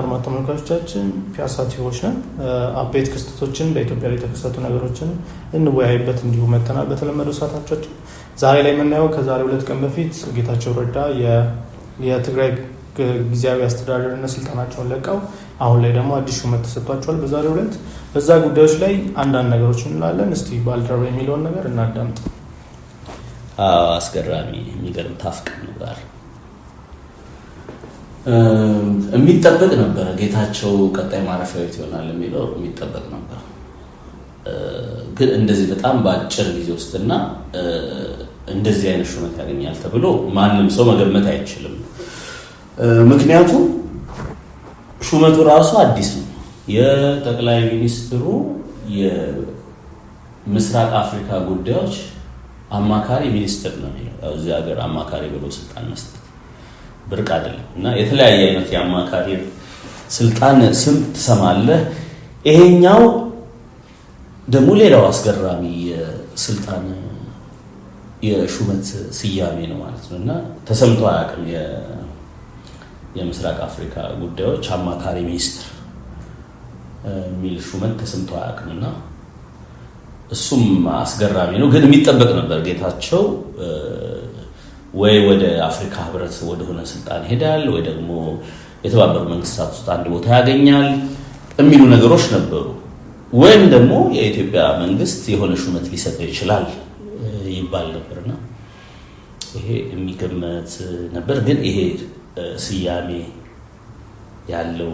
አርማ ተመልካቾቻችን ፒያሳ ቲቪዎች ነን። አበይት ክስተቶችን በኢትዮጵያ ላይ የተከሰቱ ነገሮችን እንወያይበት እንዲሁ መተናል በተለመደው ሰዓታችን ዛሬ ላይ የምናየው ከዛሬ ሁለት ቀን በፊት ጌታቸው ረዳ የትግራይ ጊዜያዊ አስተዳደርነት ስልጣናቸውን ለቀው አሁን ላይ ደግሞ አዲስ ሹመት ተሰጥቷቸዋል። በዛሬ ሁለት በዛ ጉዳዮች ላይ አንዳንድ ነገሮች እንላለን። እስቲ ባልደረባ የሚለውን ነገር እናዳምጥ። አስገራሚ የሚገርም ታፍቅ ነው የሚጠበቅ ነበረ። ጌታቸው ቀጣይ ማረፊያ ቤት ይሆናል የሚለው የሚጠበቅ ነበር። ግን እንደዚህ በጣም በአጭር ጊዜ ውስጥና እንደዚህ አይነት ሹመት ያገኛል ተብሎ ማንም ሰው መገመት አይችልም። ምክንያቱም ሹመቱ ራሱ አዲስ ነው። የጠቅላይ ሚኒስትሩ የምስራቅ አፍሪካ ጉዳዮች አማካሪ ሚኒስትር ነው የሚለው እዚህ ሀገር አማካሪ ብሎ ስልጣን መስጠት ብርቅ አይደለም እና የተለያየ አይነት የአማካሪ ስልጣን ስም ትሰማለህ። ይሄኛው ደግሞ ሌላው አስገራሚ የስልጣን የሹመት ስያሜ ነው ማለት ነው እና ተሰምቶ አያውቅም። የምስራቅ አፍሪካ ጉዳዮች አማካሪ ሚኒስትር የሚል ሹመት ተሰምቶ አያውቅም እና እሱም አስገራሚ ነው። ግን የሚጠበቅ ነበር ጌታቸው ወይ ወደ አፍሪካ ህብረት ወደሆነ ስልጣን ይሄዳል፣ ወይ ደግሞ የተባበሩ መንግስታት ውስጥ አንድ ቦታ ያገኛል የሚሉ ነገሮች ነበሩ። ወይም ደግሞ የኢትዮጵያ መንግስት የሆነ ሹመት ሊሰጠው ይችላል ይባል ነበርና ይሄ የሚገመት ነበር። ግን ይሄ ስያሜ ያለው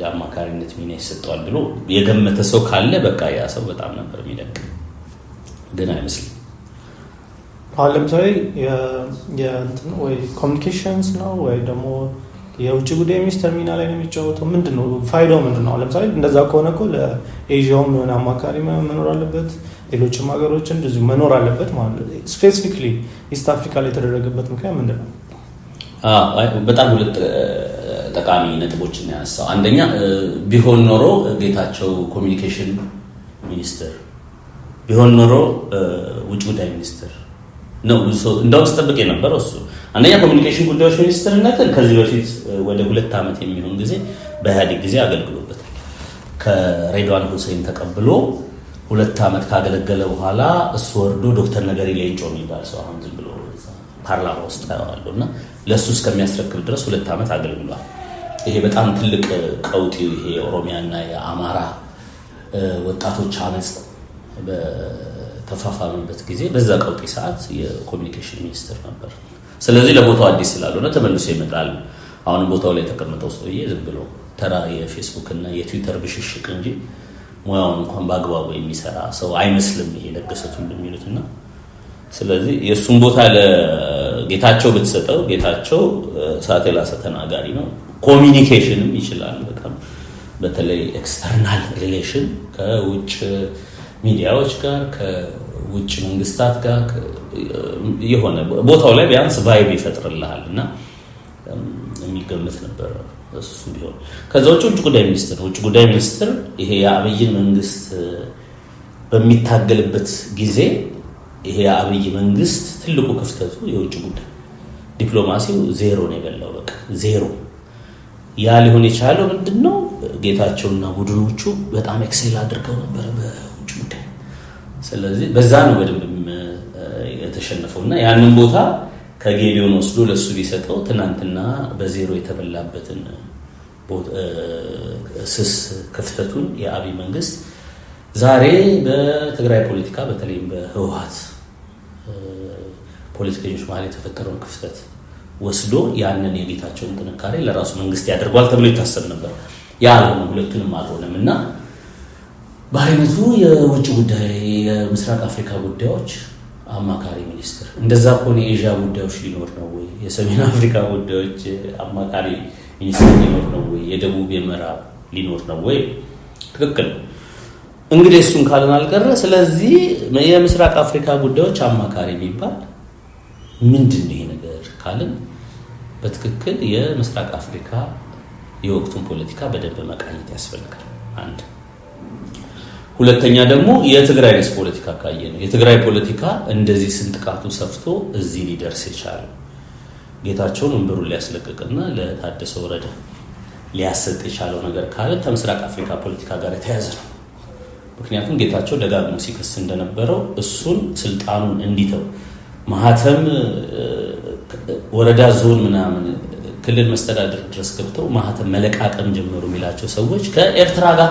የአማካሪነት ሚና ይሰጠዋል ብሎ የገመተ ሰው ካለ በቃ ያ ሰው በጣም ነበር የሚደቅ፣ ግን አይመስልም። አሁን ለምሳሌ ኮሚኒኬሽንስ ነው ወይ ደግሞ የውጭ ጉዳይ ሚኒስተር ሚና ላይ ነው የሚጫወተው? ምንድን ነው ፋይዳው ምንድን ነው? ለምሳሌ እንደዛ ከሆነ እኮ ለኤዥያውም የሆነ አማካሪ መኖር አለበት፣ ሌሎችም ሀገሮች እንደዚሁ መኖር አለበት ማለት ነው። ኢስት አፍሪካ ላይ የተደረገበት ምክንያት ምንድን ነው? በጣም ሁለት ጠቃሚ ነው ያነሳው፣ አንደኛ ቢሆን ኖሮ ጌታቸው ኮሚኒኬሽን ሚኒስትር ቢሆን ኖሮ ውጭ ጉዳይ ሚኒስትር ነው እንዳውም ስጠብቅ የነበረው እሱ። አንደኛ ኮሚኒኬሽን ጉዳዮች ሚኒስትርነትን ከዚህ በፊት ወደ ሁለት ዓመት የሚሆን ጊዜ በኢህአዴግ ጊዜ አገልግሎበታል። ከሬድዋን ሁሴን ተቀብሎ ሁለት ዓመት ካገለገለ በኋላ እሱ ወርዶ ዶክተር ነገሪ ሌንጮ የሚባል ሰው አሁን ዝም ብሎ ፓርላማ ውስጥ ታየዋለሁ እና ለእሱ እስከሚያስረክብ ድረስ ሁለት ዓመት አገልግሏል። ይሄ በጣም ትልቅ ቀውጢ ይሄ የኦሮሚያና የአማራ ወጣቶች አመፅ በተፋፋምበት ጊዜ በዛ ቀውጢ ሰዓት የኮሚኒኬሽን ሚኒስትር ነበር። ስለዚህ ለቦታው አዲስ ስላልሆነ ተመልሶ ይመጣል። አሁንም ቦታው ላይ የተቀመጠው ሰውዬ ዝም ብሎ ተራ የፌስቡክ እና የትዊተር ብሽሽቅ እንጂ ሙያውን እንኳን በአግባቡ የሚሰራ ሰው አይመስልም። ይሄ ለገሰቱ እንደሚሉት እና ስለዚህ የእሱን ቦታ ለጌታቸው ብትሰጠው ጌታቸው እሳት የላሰ ተናጋሪ ነው። ኮሚኒኬሽንም ይችላል በጣም በተለይ ኤክስተርናል ሪሌሽን ከውጭ ሚዲያዎች ጋር ውጭ መንግስታት ጋር የሆነ ቦታው ላይ ቢያንስ ቫይብ ይፈጥርልሃል እና የሚገምት ነበር እሱ ቢሆን። ከዛ ውጭ ውጭ ጉዳይ ሚኒስትር ውጭ ጉዳይ ሚኒስትር ይሄ የአብይን መንግስት በሚታገልበት ጊዜ ይሄ የአብይ መንግስት ትልቁ ክፍተቱ የውጭ ጉዳይ ዲፕሎማሲው ዜሮ ነው የበላው፣ በቃ ዜሮ። ያ ሊሆን የቻለው ምንድን ነው? ጌታቸውና ቡድኖቹ በጣም ኤክሴል አድርገው ነበር ስለዚህ በዛ ነው በደንብ የተሸነፈው እና ያንን ቦታ ከጌዲዮን ወስዶ ለእሱ ቢሰጠው ትናንትና በዜሮ የተበላበትን ስስ ክፍተቱን የአብይ መንግስት ዛሬ በትግራይ ፖለቲካ በተለይም በህወሀት ፖለቲከኞች መሀል የተፈጠረውን ክፍተት ወስዶ ያንን የጌታቸውን ጥንካሬ ለራሱ መንግስት ያደርጓል ተብሎ ይታሰብ ነበር። ያ ሁለቱንም አልሆነም እና በአይነቱ የውጭ ጉዳይ የምስራቅ አፍሪካ ጉዳዮች አማካሪ ሚኒስትር እንደዛ ከሆነ የኤዥያ ጉዳዮች ሊኖር ነው ወይ? የሰሜን አፍሪካ ጉዳዮች አማካሪ ሚኒስትር ሊኖር ነው ወይ? የደቡብ የምዕራብ ሊኖር ነው ወይ? ትክክል ነው። እንግዲህ እሱን ካለን አልቀረ። ስለዚህ የምስራቅ አፍሪካ ጉዳዮች አማካሪ የሚባል ምንድን ነው ይሄ ነገር ካልን በትክክል የምስራቅ አፍሪካ የወቅቱን ፖለቲካ በደንብ መቃኘት ያስፈልጋል። አንድ ሁለተኛ ደግሞ የትግራይ ስ ፖለቲካ ካየ ነው የትግራይ ፖለቲካ እንደዚህ ስንጥቃቱ ሰፍቶ እዚህ ሊደርስ የቻለው ጌታቸውን ወንበሩን ሊያስለቅቅና ለታደሰ ወረደ ሊያሰጥ የቻለው ነገር ካለ ከምስራቅ አፍሪካ ፖለቲካ ጋር የተያዘ ነው። ምክንያቱም ጌታቸው ደጋግሞ ሲከስ እንደነበረው እሱን ስልጣኑን እንዲተው ማህተም ወረዳ፣ ዞን ምናምን ክልል መስተዳድር ድረስ ገብተው ማህተም መለቃቀም ጀመሩ የሚላቸው ሰዎች ከኤርትራ ጋር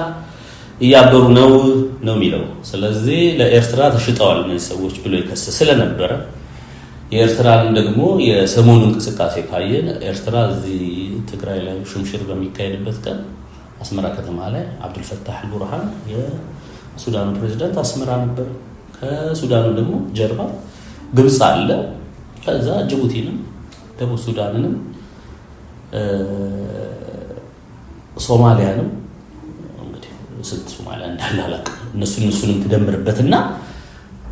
እያበሩ ነው ነው የሚለው። ስለዚህ ለኤርትራ ተሽጠዋል እነዚህ ሰዎች ብሎ ይከስ ስለነበረ የኤርትራን ደግሞ የሰሞኑ እንቅስቃሴ ካየን ኤርትራ እዚህ ትግራይ ላይ ሹምሽር በሚካሄድበት ቀን አስመራ ከተማ ላይ አብዱልፈታህ ቡርሃን የሱዳኑ ፕሬዚደንት አስመራ ነበር። ከሱዳኑ ደግሞ ጀርባ ግብፅ አለ። ከዛ ጅቡቲንም ደቡብ ሱዳንንም ሶማሊያንም ስልት ሶማሊያ እንዳለ አላውቅም። እነሱ እነሱንም ትደምርበትና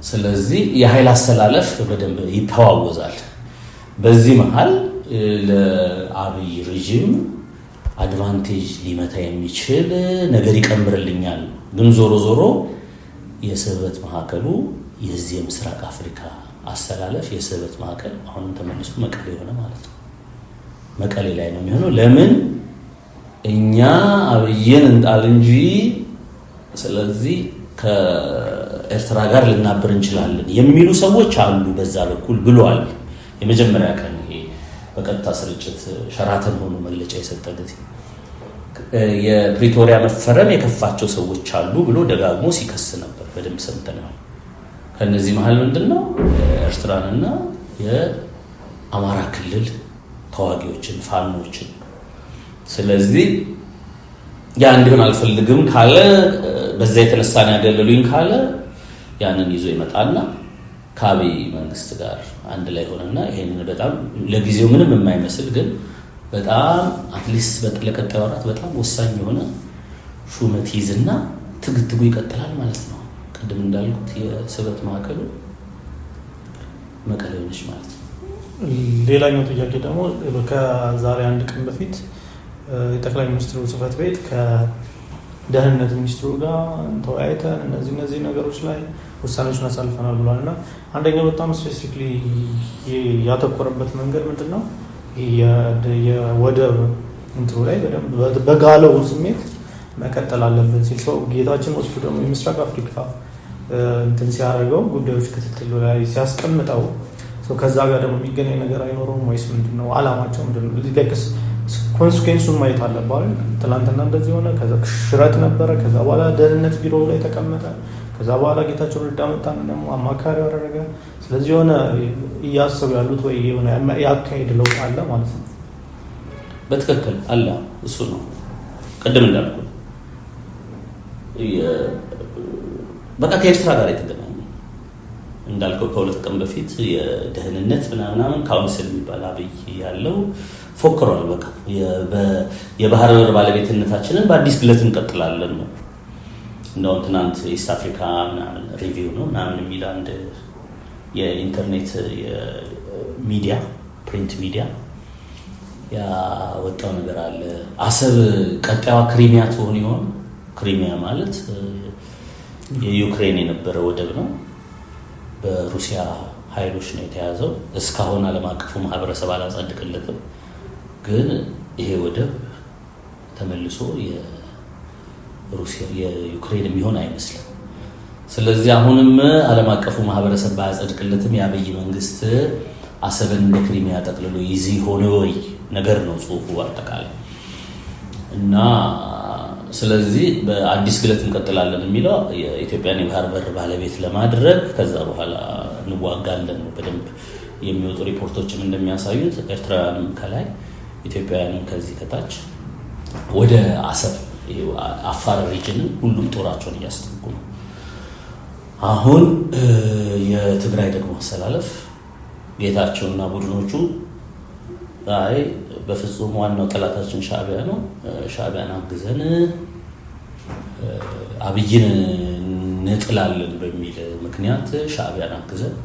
ስለዚህ የኃይል አሰላለፍ በደንብ ይተዋወዛል። በዚህ መሀል ለአብይ ሬዥም አድቫንቴጅ ሊመታ የሚችል ነገር ይቀምርልኛል። ግን ዞሮ ዞሮ የስበት ማዕከሉ የዚህ የምስራቅ አፍሪካ አሰላለፍ የስበት ማዕከል አሁንም ተመልሶ መቀሌ የሆነ ማለት ነው። መቀሌ ላይ ነው የሚሆነው ለምን እኛ አብይን እንጣል እንጂ ስለዚህ ከኤርትራ ጋር ልናብር እንችላለን የሚሉ ሰዎች አሉ። በዛ በኩል ብለዋል። የመጀመሪያ ቀን ይሄ በቀጥታ ስርጭት ሸራተን ሆኖ መግለጫ የሰጠ ጊዜ የፕሪቶሪያ መፈረም የከፋቸው ሰዎች አሉ ብሎ ደጋግሞ ሲከስ ነበር። በደንብ ሰምተናል። ከእነዚህ መሀል ምንድን ነው የአማራ ክልል ተዋጊዎችን ፋኖችን ስለዚህ ያ እንዲሆን አልፈልግም ካለ በዛ የተነሳ ነው ያገለሉኝ ካለ ያንን ይዞ ይመጣና ከአብይ መንግስት ጋር አንድ ላይ ሆነና ይሄንን በጣም ለጊዜው ምንም የማይመስል ግን በጣም አትሊስት ለቀጣይ ወራት በጣም ወሳኝ የሆነ ሹመት ይዝና ትግትጉ ይቀጥላል ማለት ነው። ቅድም እንዳልኩት የስበት ማዕከሉ መቀሌ ሆነች ማለት ነው። ሌላኛው ጥያቄ ደግሞ ከዛሬ አንድ ቀን በፊት የጠቅላይ ሚኒስትሩ ጽህፈት ቤት ከደህንነት ሚኒስትሩ ጋር ተወያይተን እነዚህ እነዚህ ነገሮች ላይ ውሳኔዎችን አሳልፈናል ብሏል እና አንደኛው በጣም ስፔሲፊክሊ ያተኮረበት መንገድ ምንድን ነው? የወደብ እንትሩ ላይ በደንብ በጋለው ስሜት መቀጠል አለብን ሲል ሰው ጌታችን ወስዱ ደግሞ የምስራቅ አፍሪካ እንትን ሲያደርገው ጉዳዮች ክትትል ላይ ሲያስቀምጠው ከዛ ጋር ደግሞ የሚገናኝ ነገር አይኖረውም ወይስ ምንድነው አላማቸው ምንድነው? ነው? ኮንስኩዌንሱን ማየት አለባል። ትላንትና እንደዚህ ሆነ፣ ከዛ ሽረት ነበረ፣ ከዛ በኋላ ደህንነት ቢሮ ላይ ተቀመጠ፣ ከዛ በኋላ ጌታቸው ረዳ መጣና ደግሞ አማካሪ አደረገ። ስለዚህ የሆነ እያሰቡ ያሉት ወይ የሆነ ያካሄድ ለውጥ አለ ማለት ነው። በትክክል አለ። እሱ ነው ቅድም እንዳልኩ በቃ ከኤርትራ ጋር የተገ እንዳልከው ከሁለት ቀን በፊት የደህንነት ምናምናምን ካውንስል የሚባል አብይ ያለው ፎክሯል። በቃ የባህር በር ባለቤትነታችንን በአዲስ ግለት እንቀጥላለን ነው። እንደውም ትናንት ኢስት አፍሪካ ሪቪው ነው ምናምን የሚል አንድ የኢንተርኔት ሚዲያ ፕሪንት ሚዲያ ያወጣው ነገር አለ። አሰብ ቀጣዩ ክሪሚያ ትሆን ይሆን? ክሪሚያ ማለት የዩክሬን የነበረ ወደብ ነው። በሩሲያ ኃይሎች ነው የተያዘው። እስካሁን ዓለም አቀፉ ማህበረሰብ አላጸድቅለትም። ግን ይሄ ወደብ ተመልሶ የዩክሬን የሚሆን አይመስልም። ስለዚህ አሁንም ዓለም አቀፉ ማህበረሰብ ባያጸድቅለትም የአብይ መንግስት አሰብን እንደ ክሪሚያ ጠቅልሎ ይዚ ሆነ ወይ ነገር ነው ጽሁፉ አጠቃላይ እና ስለዚህ በአዲስ ግለት እንቀጥላለን የሚለው የኢትዮጵያን የባህር በር ባለቤት ለማድረግ ከዛ በኋላ እንዋጋለን ነው። በደንብ የሚወጡ ሪፖርቶችም እንደሚያሳዩት ኤርትራውያንም ከላይ ኢትዮጵያውያንም ከዚህ ከታች ወደ አሰብ አፋር ሪጅንን ሁሉም ጦራቸውን እያስጠጉ ነው። አሁን የትግራይ ደግሞ አሰላለፍ ጌታቸውና ቡድኖቹ አይ በፍጹም ዋናው ጠላታችን ሻዕቢያ ነው። ሻዕቢያን አግዘን አብይን እንጥላለን በሚል ምክንያት ሻዕቢያን አግዘን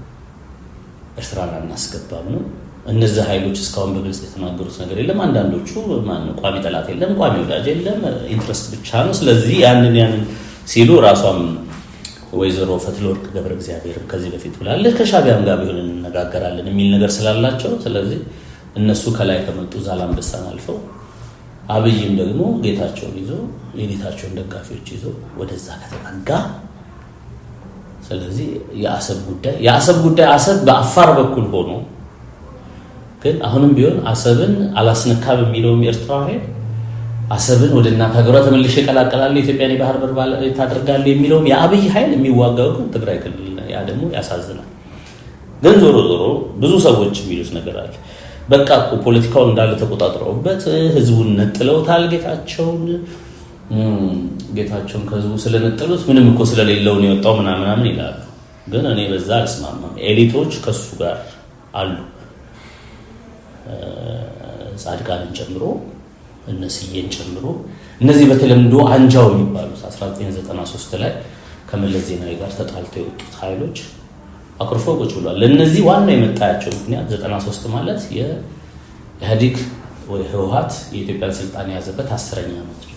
ኤርትራን አናስገባም ነው። እነዚህ ኃይሎች እስካሁን በግልጽ የተናገሩት ነገር የለም። አንዳንዶቹ ቋሚ ጠላት የለም፣ ቋሚ ወዳጅ የለም፣ ኢንትረስት ብቻ ነው። ስለዚህ ያንን ያንን ሲሉ ራሷም ወይዘሮ ፈትለወርቅ ገብረ እግዚአብሔር ከዚህ በፊት ብላለች ከሻዕቢያም ጋር ቢሆን እንነጋገራለን የሚል ነገር ስላላቸው ስለዚህ እነሱ ከላይ ከመጡ ዛላምበሳን አልፈው አብይም ደግሞ ጌታቸውን ይዞ የጌታቸውን ደጋፊዎች ይዞ ወደዛ ከተጠጋ ስለዚህ የአሰብ ጉዳይ የአሰብ ጉዳይ አሰብ በአፋር በኩል ሆኖ ግን አሁንም ቢሆን አሰብን አላስነካም የሚለውም ኤርትራ ኃይል አሰብን ወደ እናት ሀገሯ ተመልሼ እቀላቀላለሁ ኢትዮጵያን የባህር በር ታደርጋለሁ የሚለውም የአብይ ኃይል የሚዋጋው ግን ትግራይ ክልል ያ ደግሞ ያሳዝናል። ግን ዞሮ ዞሮ ብዙ ሰዎች የሚሉት ነገር አለ። በቃ እኮ ፖለቲካውን እንዳለ ተቆጣጥረውበት ህዝቡን ነጥለውታል። ጌታቸውን ጌታቸውን ከህዝቡ ስለነጠሉት ምንም እኮ ስለሌለው ነው የወጣው ምናምናምን ይላሉ። ግን እኔ በዛ አልስማማም። ኤሊቶች ከሱ ጋር አሉ፣ ጻድቃንን ጨምሮ እነስዬን ጨምሮ እነዚህ በተለምዶ አንጃው የሚባሉት 1993 ላይ ከመለስ ዜናዊ ጋር ተጣልተው የወጡት ኃይሎች አኩርፎ ቁጭ ብሏል። ለእነዚህ ዋና የመጣያቸው ምክንያት 93 ማለት የኢህአዴግ ወይ ህወሀት የኢትዮጵያን ስልጣን የያዘበት አስረኛ ዓመት ነው።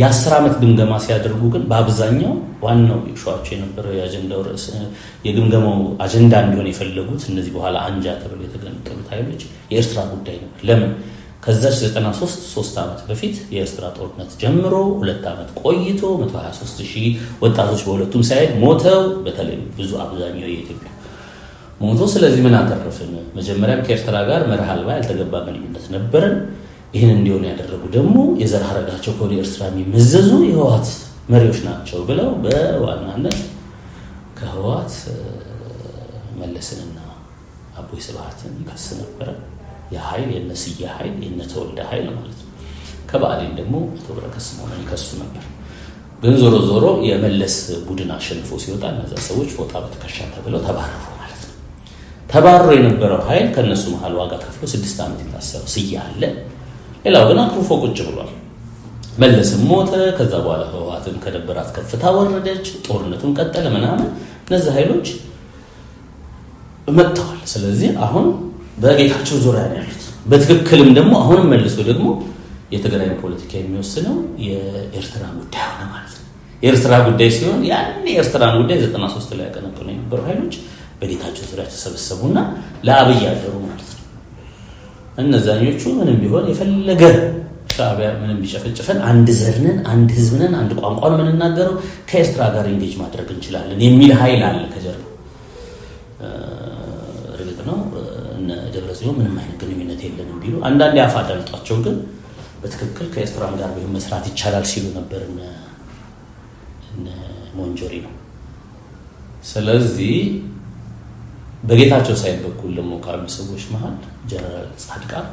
የአስር ዓመት ግምገማ ሲያደርጉ ግን በአብዛኛው ዋናው ሸዋቸው የነበረው የአጀንዳው ርዕስ የግምገማው አጀንዳ እንዲሆን የፈለጉት እነዚህ በኋላ አንጃ ተብሎ የተገነጠሉት ኃይሎች የኤርትራ ጉዳይ ነበር። ለምን ከዛች 93 3 ዓመት በፊት የኤርትራ ጦርነት ጀምሮ ሁለት ዓመት ቆይቶ 123 ሺህ ወጣቶች በሁለቱም ሳይድ ሞተው፣ በተለይ ብዙ አብዛኛው የኢትዮጵያ ሞቶ፣ ስለዚህ ምን አተረፍን? መጀመሪያም ከኤርትራ ጋር መርህ አልባ ያልተገባ ግንኙነት ነበረን። ይህን እንዲሆን ያደረጉ ደግሞ የዘር ሐረጋቸው ከሆነ ኤርትራ የሚመዘዙ የህወሓት መሪዎች ናቸው ብለው በዋናነት ከህወሓት መለስንና አቦይ ስብሃትን ይከስ ነበረ። የኃይል የነስየ ኃይል የነተወልደ ኃይል ማለት ነው። ከብአዴን ደግሞ አቶ በረከት ይከሱ ነበር። ግን ዞሮ ዞሮ የመለስ ቡድን አሸንፎ ሲወጣ እነዛ ሰዎች ፎጣ በትከሻ ተብለው ተባረሩ ማለት ነው። ተባሮ የነበረው ኃይል ከእነሱ መሀል ዋጋ ከፍሎ ስድስት ዓመት የታሰረው ስዬ አለ። ሌላው ግን አኩርፎ ቁጭ ብሏል። መለስም ሞተ። ከዛ በኋላ ህወሓትን ከደበራት ከፍታ ወረደች። ጦርነቱን ቀጠለ ምናምን እነዚህ ኃይሎች መጥተዋል። ስለዚህ አሁን በጌታቸው ዙሪያ ነው ያሉት። በትክክልም ደግሞ አሁንም መልሶ ደግሞ የትግራይ ፖለቲካ የሚወስነው የኤርትራ ጉዳይ ሆነ ማለት ነው። የኤርትራ ጉዳይ ሲሆን ያን የኤርትራን ጉዳይ 93 ላይ ያቀነቀኑ የነበሩ ኃይሎች በጌታቸው ዙሪያ ተሰበሰቡና ለአብይ አደሩ ማለት ነው። እነዛኞቹ ምንም ቢሆን የፈለገ ሻዕቢያ ምንም ቢጨፈጭፈን አንድ ዘርንን አንድ ህዝብንን አንድ ቋንቋን የምንናገረው ከኤርትራ ጋር እንጌጅ ማድረግ እንችላለን የሚል ኃይል አለ ከጀርባ እርግጥ ነው። እነ ደብረ ጽዮን ምንም አይነት ግንኙነት የለንም ቢሉ አንዳንድ አፍ አዳልጧቸው ግን በትክክል ከኤርትራም ጋር ቢሆን መስራት ይቻላል ሲሉ ነበር ሞንጆሪ ነው። ስለዚህ በጌታቸው ሳይ በኩል ደግሞ ካሉ ሰዎች መሀል ጀነራል ጻድቃን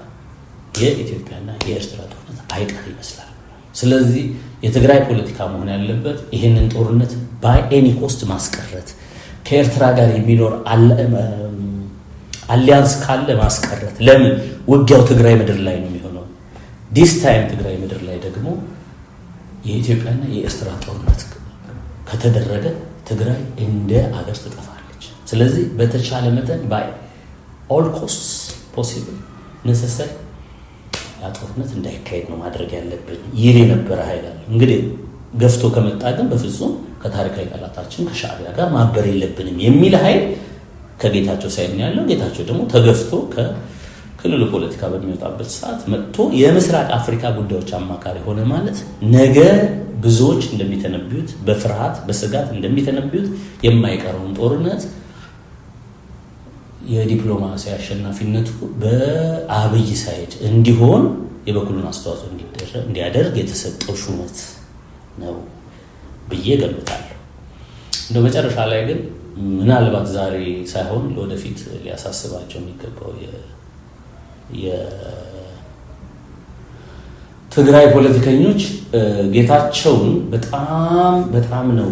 የኢትዮጵያና የኤርትራ ጦርነት አይቀር ይመስላል። ስለዚህ የትግራይ ፖለቲካ መሆን ያለበት ይህንን ጦርነት ባይ ኤኒ ኮስት ማስቀረት ከኤርትራ ጋር የሚኖር አሊያንስ ካለ ማስቀረት። ለምን ውጊያው ትግራይ ምድር ላይ ነው የሚሆነው? ዲስ ታይም ትግራይ ምድር ላይ ደግሞ የኢትዮጵያና የኤርትራ ጦርነት ከተደረገ ትግራይ እንደ አገር ትጠፋለች። ስለዚህ በተቻለ መጠን ባይ ኦል ኮስት ፖሲብል ነሰሰር ያ ጦርነት እንዳይካሄድ ነው ማድረግ ያለብን ይል የነበረ ኃይል አለ። እንግዲህ ገፍቶ ከመጣ ግን በፍጹም ከታሪካዊ ጠላታችን ከሻዕቢያ ጋር ማበር የለብንም የሚል ኃይል ከጌታቸው ሳይን ያለው ጌታቸው ደግሞ ተገፍቶ ከክልሉ ፖለቲካ በሚወጣበት ሰዓት መጥቶ የምስራቅ አፍሪካ ጉዳዮች አማካሪ ሆነ ማለት ነገ ብዙዎች እንደሚተነብዩት በፍርሃት በስጋት እንደሚተነብዩት የማይቀረውን ጦርነት የዲፕሎማሲ አሸናፊነቱ በአብይ ሳይድ እንዲሆን የበኩሉን አስተዋጽኦ እንዲያደርግ የተሰጠው ሹመት ነው ብዬ ገምታለሁ። እንደ መጨረሻ ላይ ግን ምናልባት ዛሬ ሳይሆን ለወደፊት ሊያሳስባቸው የሚገባው የትግራይ ፖለቲከኞች ጌታቸውን በጣም በጣም ነው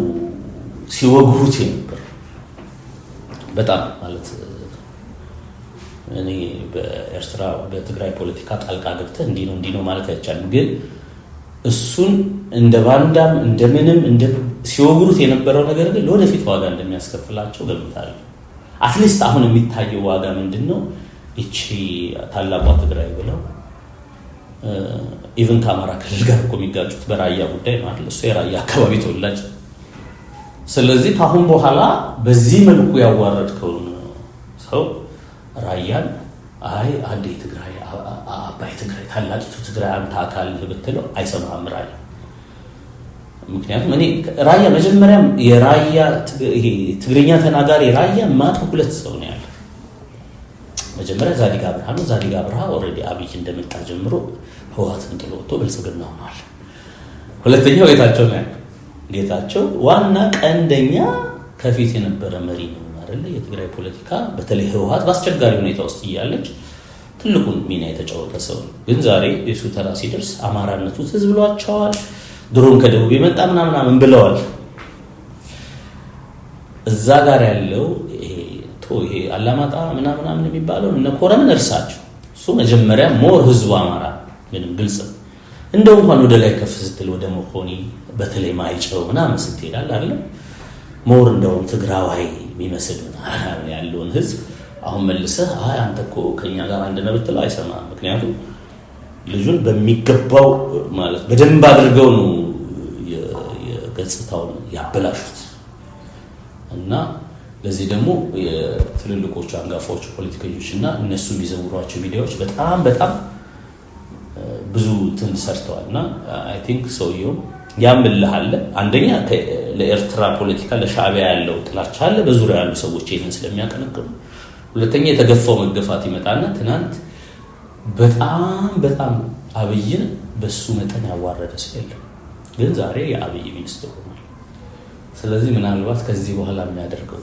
ሲወግሩት የነበር። በጣም ማለት እኔ በኤርትራ በትግራይ ፖለቲካ ጣልቃ ገብተህ እንዲህ ነው እንዲህ ነው ማለት አይቻልም ግን እሱን እንደ ባንዳም እንደምንም ሲወግሩት የነበረው ነገር ግን ለወደፊት ዋጋ እንደሚያስከፍላቸው ገምታለሁ። አትሊስት አሁን የሚታየው ዋጋ ምንድን ነው? እቺ ታላቋ ትግራይ ብለው ኢቨን ከአማራ ክልል ጋር እኮ የሚጋጩት በራያ ጉዳይ ነው እሱ የራያ አካባቢ ተወላጅ። ስለዚህ ከአሁን በኋላ በዚህ መልኩ ያዋረድከውን ሰው ራያን አይ አንድ የትግራይ አባይ ትግራይ ታላቂቱ ትግራይ አንተ አካል ብትለው አይሰማህም ራያ። ምክንያቱም እኔ ራያ መጀመሪያም የራያ ትግርኛ ተናጋሪ ራያ ማጥ ሁለት ሰው ነው ያለ። መጀመሪያ ዛዲግ አብርሃ ነው። ዛዲግ አብርሃ ኦልሬዲ አብይ እንደመጣ ጀምሮ ህወሓትን ጥሎ ወጥቶ ብልጽግና ሆኗል። ሁለተኛው ጌታቸው ነው ያለ። ጌታቸው ዋና ቀንደኛ ከፊት የነበረ መሪ ነው አይደለ የትግራይ ፖለቲካ በተለይ ህወሀት በአስቸጋሪ ሁኔታ ውስጥ እያለች ትልቁን ሚና የተጫወተ ሰው ነው። ግን ዛሬ የሱ ተራ ሲደርስ አማራነቱ ትዝ ብሏቸዋል። ድሮን ከደቡብ የመጣ ምናምናምን ብለዋል። እዛ ጋር ያለው ይሄ አላማጣ ምናምናምን የሚባለው እነ ኮረምን እርሳቸው። እሱ መጀመሪያ ሞር ህዝቡ አማራ ምንም ግልጽ ነው። እንደው እንኳን ወደ ላይ ከፍ ስትል ወደ መኮኒ በተለይ ማይጨው ምናምን ስትሄዳል አለ ሞር እንደውም ትግራዋይ የሚመስል ያለውን ህዝብ አሁን መልሰህ አይ አንተ እኮ ከኛ ጋር አንድ ነህ ብትለው አይሰማም። ምክንያቱም ልጁን በሚገባው ማለት በደንብ አድርገው ነው የገጽታውን ያበላሹት እና ለዚህ ደግሞ የትልልቆቹ አንጋፋዎቹ ፖለቲከኞች እና እነሱ የሚዘውሯቸው ሚዲያዎች በጣም በጣም ብዙ እንትን ሰርተዋል እና አይ ቲንክ ሰውየውም ያምልሃል። አንደኛ ለኤርትራ ፖለቲካ ለሻዕቢያ ያለው ጥላቻ አለ። በዙሪያ ያሉ ሰዎች ይህንን ስለሚያቀነቅኑ፣ ሁለተኛ የተገፋው መገፋት ይመጣና ትናንት በጣም በጣም አብይን በሱ መጠን ያዋረደ ሰው የለም፣ ግን ዛሬ የአብይ ሚኒስትር ሆኗል። ስለዚህ ምናልባት ከዚህ በኋላ የሚያደርገው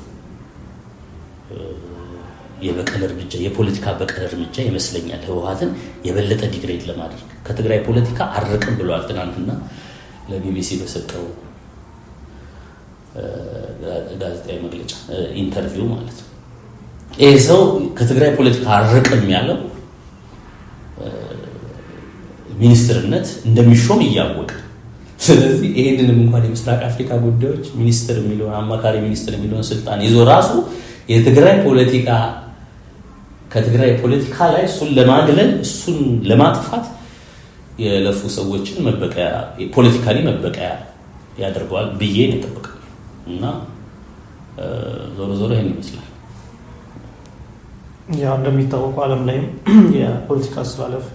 የበቀል እርምጃ የፖለቲካ በቀል እርምጃ ይመስለኛል። ህወሓትን የበለጠ ዲግሬድ ለማድረግ ከትግራይ ፖለቲካ አርቅም ብለዋል ትናንትና ለቢቢሲ በሰጠው ጋዜጣዊ መግለጫ ኢንተርቪው ማለት ነው። ይህ ሰው ከትግራይ ፖለቲካ አርቅም ያለው ሚኒስትርነት እንደሚሾም እያወቀ ስለዚህ ይህንንም እንኳን የምስራቅ አፍሪካ ጉዳዮች ሚኒስትር የሚለውን አማካሪ ሚኒስትር የሚለውን ስልጣን ይዞ ራሱ የትግራይ ፖለቲካ ከትግራይ ፖለቲካ ላይ እሱን ለማግለል እሱን ለማጥፋት የለፉ ሰዎችን መበቀያ ፖለቲካሊ መበቀያ ያደርገዋል ብዬ ነው እና ዞሮ ዞሮ ይህን ይመስላል። ያው እንደሚታወቀው ዓለም ላይም የፖለቲካ አስተላለፍ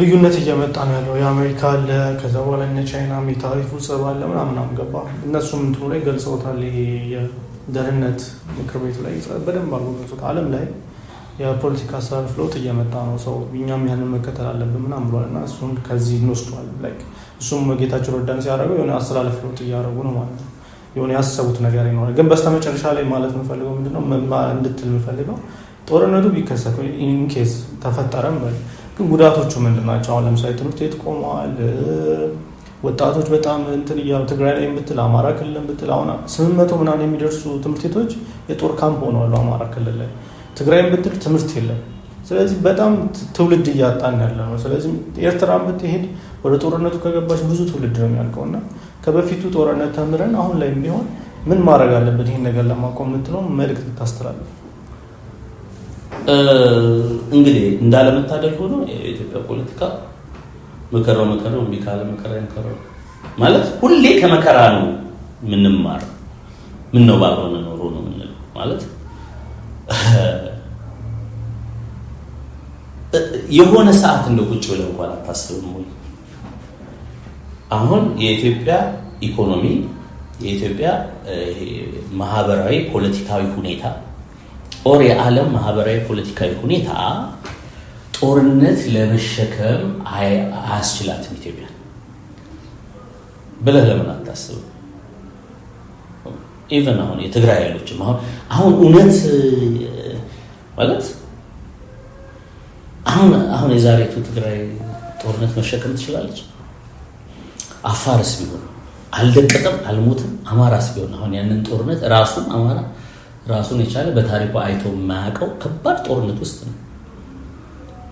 ልዩነት እየመጣ ነው ያለው። የአሜሪካ አለ፣ ከዛ በኋላ እነ ቻይና የታሪፉ ጽብ አለ ምናምናም ገባ። እነሱም እንትኑ ላይ ገልጸውታል። ይሄ የደህንነት ምክር ቤቱ ላይ በደንብ አሉ ገልጾታል። ዓለም ላይ የፖለቲካ አሰራር ለውጥ እየመጣ ነው ሰው እኛም ያንን መከተል አለብን ምናምን ብሏል እና እሱን ከዚህ እንወስዷል። እሱም ጌታቸው ረዳን ሲያደርገው የሆነ አስተላለፍ ለውጥ እያደረጉ ነው ማለት ነው። የሆነ ያሰቡት ነገር ይኖራል። ግን በስተመጨረሻ ላይ ማለት የምፈልገው ምንድነው እንድትል የምፈልገው ጦርነቱ ቢከሰት ኢንኬዝ ተፈጠረም በል ግን ጉዳቶቹ ምንድን ናቸው? አሁን ለምሳሌ ትምህርት ቤት ቆመዋል። ወጣቶች በጣም እንትን እያሉ ትግራይ ላይ ብትል አማራ ክልል ብትል አሁን ስምንት መቶ ምናምን የሚደርሱ ትምህርት ቤቶች የጦር ካምፕ ሆነዋሉ አማራ ክልል ላይ ትግራይ ብትል ትምህርት የለም። ስለዚህ በጣም ትውልድ እያጣን ያለ ነው። ስለዚህ ኤርትራም ብትሄድ ወደ ጦርነቱ ከገባች ብዙ ትውልድ ነው የሚያልቀው እና ከበፊቱ ጦርነት ተምረን አሁን ላይ ቢሆን ምን ማድረግ አለበት ይህን ነገር ለማቆም የምትለው መልዕክት ልታስተላልፍ? እንግዲህ እንዳለመታደል ሆኖ የኢትዮጵያ ፖለቲካ መከረው መከረው እምቢ ካለ መከራ ማለት ሁሌ ከመከራ ነው የምንማር። ምን ነው ባልሆነ ኖሮ ነው የምንለው ማለት የሆነ ሰዓት እንደ ቁጭ ብለህ እንኳን አታስብም ወይ? አሁን የኢትዮጵያ ኢኮኖሚ የኢትዮጵያ ማህበራዊ ፖለቲካዊ ሁኔታ ኦር የዓለም ማህበራዊ ፖለቲካዊ ሁኔታ ጦርነት ለመሸከም አያስችላትም ኢትዮጵያ ብለህ ለምን አታስብም? ኢቨን አሁን የትግራይ ኃይሎችም አሁን አሁን እውነት ማለት አሁን አሁን የዛሬቱ ትግራይ ጦርነት መሸከም ትችላለች? አፋርስ ቢሆን አልደቀቀም፣ አልሞትም። አማራስ ቢሆን አሁን ያንን ጦርነት ራሱም አማራ ራሱን የቻለ በታሪኩ አይቶ የማያውቀው ከባድ ጦርነት ውስጥ ነው።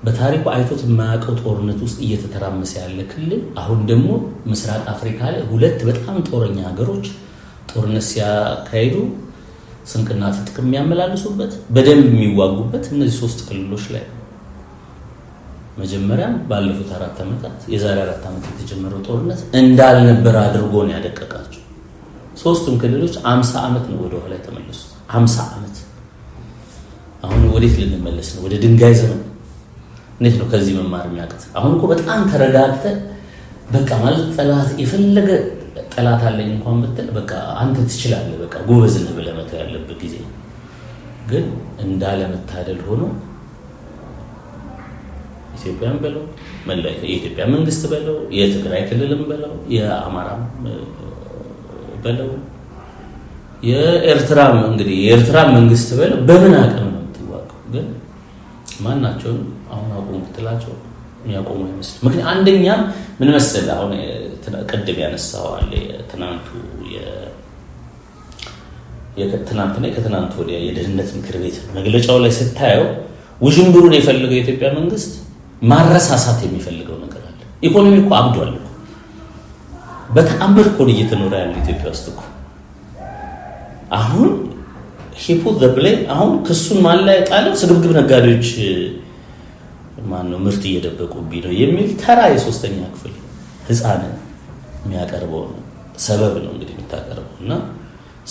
በታሪኩ አይቶት የማያውቀው ጦርነት ውስጥ እየተተራመሰ ያለ ክልል አሁን ደግሞ ምስራቅ አፍሪካ ላይ ሁለት በጣም ጦረኛ ሀገሮች ጦርነት ሲያካሂዱ ስንቅና ትጥቅ የሚያመላልሱበት በደንብ የሚዋጉበት እነዚህ ሶስት ክልሎች ላይ መጀመሪያ ባለፉት አራት ዓመታት የዛሬ አራት ዓመት የተጀመረው ጦርነት እንዳልነበረ አድርጎ ነው ያደቀቃቸው። ሶስቱም ክልሎች አምሳ ዓመት ነው ወደኋላ የተመለሱት። አምሳ ዓመት አሁን ወዴት ልንመለስ ነው? ወደ ድንጋይ ዘመን። እንዴት ነው ከዚህ መማር የሚያቅት? አሁን እኮ በጣም ተረጋግተ በቃ ማለት ጠላት የፈለገ ጠላት አለኝ እንኳን ብትል በቃ አንተ ትችላለህ፣ በቃ ጎበዝ ነህ ብለህ መተው ጊዜ ግን እንዳለመታደል ሆኖ ኢትዮጵያን በለው የኢትዮጵያ መንግስት በለው የትግራይ ክልልም በለው የአማራም በለው የኤርትራ እንግዲህ የኤርትራ መንግስት በለው በምን አቅም ነው የምትዋቀው? ግን ማናቸውን አሁን አቁሙ ብትላቸው የሚያቆሙ ይመስል ምክንያት አንደኛ ምን መሰለህ አሁን ቅድም ያነሳዋል ትናንቱ ትናንትና ከትናንት ወዲያ የደህንነት ምክር ቤት መግለጫው ላይ ስታየው ውዥንብሩን የፈለገው የኢትዮጵያ መንግስት ማረሳሳት የሚፈልገው ነገር አለ። ኢኮኖሚ እኮ አብዷል እኮ በተአምር እኮ እየተኖረ ያለ ኢትዮጵያ ውስጥ እኮ አሁን ሂፑ ዘብላይ አሁን ክሱን ማን ላይ ጣለው? ስግብግብ ነጋዴዎች ማነው ምርት እየደበቁብኝ ነው የሚል ተራ የሶስተኛ ክፍል ህፃን የሚያቀርበው ነው። ሰበብ ነው እንግዲህ የምታቀርበው እና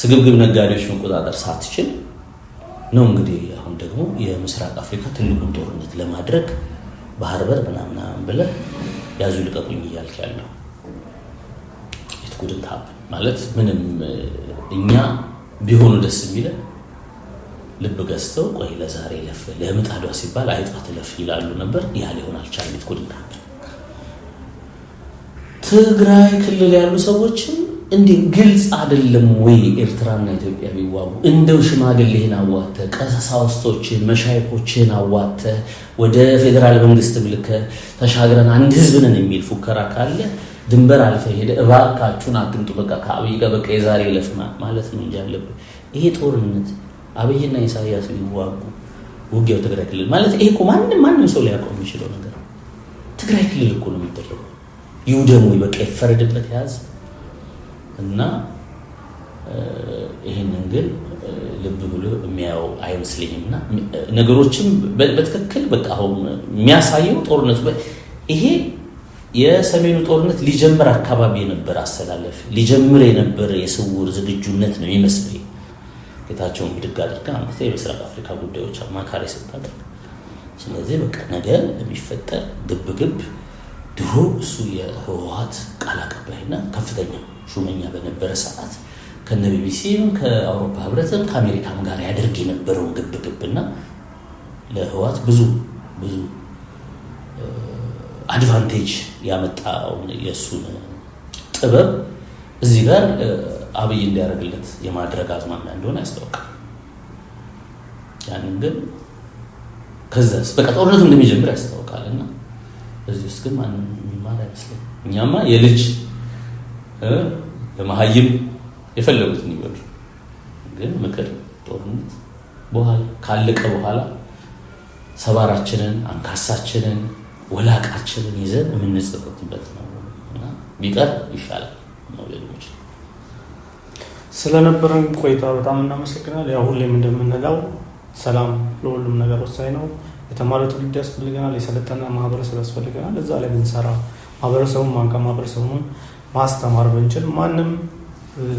ስግብግብ ነጋዴዎች መቆጣጠር ሳትችል ነው እንግዲህ አሁን ደግሞ የምስራቅ አፍሪካ ትልቁን ጦርነት ለማድረግ ባህር በር ምናምና ብለህ ያዙ ልቀቁኝ እያልክ ያለው ጉድን ማለት ምንም እኛ ቢሆኑ ደስ የሚለ ልብ ገዝተው ቆይ ለዛሬ ለፍ ለምጣዷ ሲባል አይጧት ለፍ ይላሉ ነበር። ያ ሊሆን አልቻለም። ጉድን ትግራይ ክልል ያሉ ሰዎችም እንዴ ግልጽ አይደለም ወይ? ኤርትራና ኢትዮጵያ ቢዋጉ እንደው ሽማግሌህን አዋተ ቀሳውስቶችን መሻይኮችን አዋተ ወደ ፌዴራል መንግስት ምልከ ተሻግረን አንድ ህዝብ ነን የሚል ፉከራ ካለ ድንበር አልፈ ሄደ እባካችሁን አትምጡ፣ በቃ ከአብይ ጋር በቃ የዛሬ ለፍ ማለት ነው እንጂ አለብን። ይሄ ጦርነት አብይና ኢሳያስ ቢዋጉ ውጊያው ትግራይ ክልል ማለት ይሄ እኮ ማንም ማንም ሰው ሊያውቀው የሚችለው ነገር ትግራይ ክልል እኮ ነው የሚደረገው። ይውደሙ በቃ የፈረድበት ያዝ እና ይህንን ግን ልብ ብሎ የሚያየው አይመስለኝም። እና ነገሮችም በትክክል በቃ አሁን የሚያሳየው ጦርነቱ ይሄ የሰሜኑ ጦርነት ሊጀምር አካባቢ የነበረ አስተላለፍ ሊጀምር የነበረ የስውር ዝግጁነት ነው ይመስል ጌታቸውን ብድግ አድርጋ አንተ የምስራቅ አፍሪካ ጉዳዮች አማካሪ ስታደርግ፣ ስለዚህ በቃ ነገ የሚፈጠር ግብግብ ድሮ እሱ የህወሀት ቃል አቀባይና ከፍተኛ ሹመኛ በነበረ ሰዓት ከነ ቢቢሲም ከአውሮፓ ህብረትም ከአሜሪካም ጋር ያደርግ የነበረውን ግብግብና ለህዋት ብዙ ብዙ አድቫንቴጅ ያመጣውን የእሱን ጥበብ እዚህ ጋር አብይ እንዲያደርግለት የማድረግ አዝማሚያ እንደሆነ ያስታውቃል። ያንን ግን ከዛስ በቃ ጦርነቱ እንደሚጀምር ያስታውቃል እና እዚህ ውስጥ ግን ማንም የሚማር አይመስለኝ እኛማ የልጅ በመሀይም የፈለጉትን ይበሉ። ግን ምክር ጦርነት በኋላ ካለቀ በኋላ ሰባራችንን፣ አንካሳችንን፣ ወላቃችንን ይዘን የምንጽፍበት ነው እና ቢቀር ይሻላል ነው ስለነበረን ቆይታ በጣም እናመሰግናል። ያው ሁሌም እንደምንለው ሰላም ለሁሉም ነገር ወሳኝ ነው። የተማረ ትውልድ ያስፈልገናል። የሰለጠነ ማህበረሰብ ያስፈልገናል። እዛ ላይ ብንሰራ ማህበረሰቡን ማንቃ ማህበረሰቡን ማስተማር ብንችል ማንም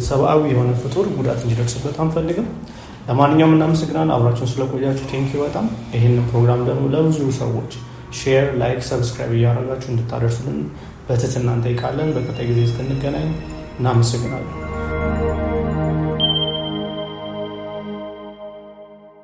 ሰብአዊ የሆነ ፍጡር ጉዳት እንዲደርስበት አንፈልግም። ለማንኛውም እናመሰግናለን አብራችን ስለቆያችሁ ቴንኪው በጣም ይህን ፕሮግራም ደግሞ ለብዙ ሰዎች ሼር፣ ላይክ፣ ሰብስክራይብ እያደረጋችሁ እንድታደርሱልን በትህትና እንጠይቃለን። በቀጣይ ጊዜ እስክንገናኝ እናመሰግናለን።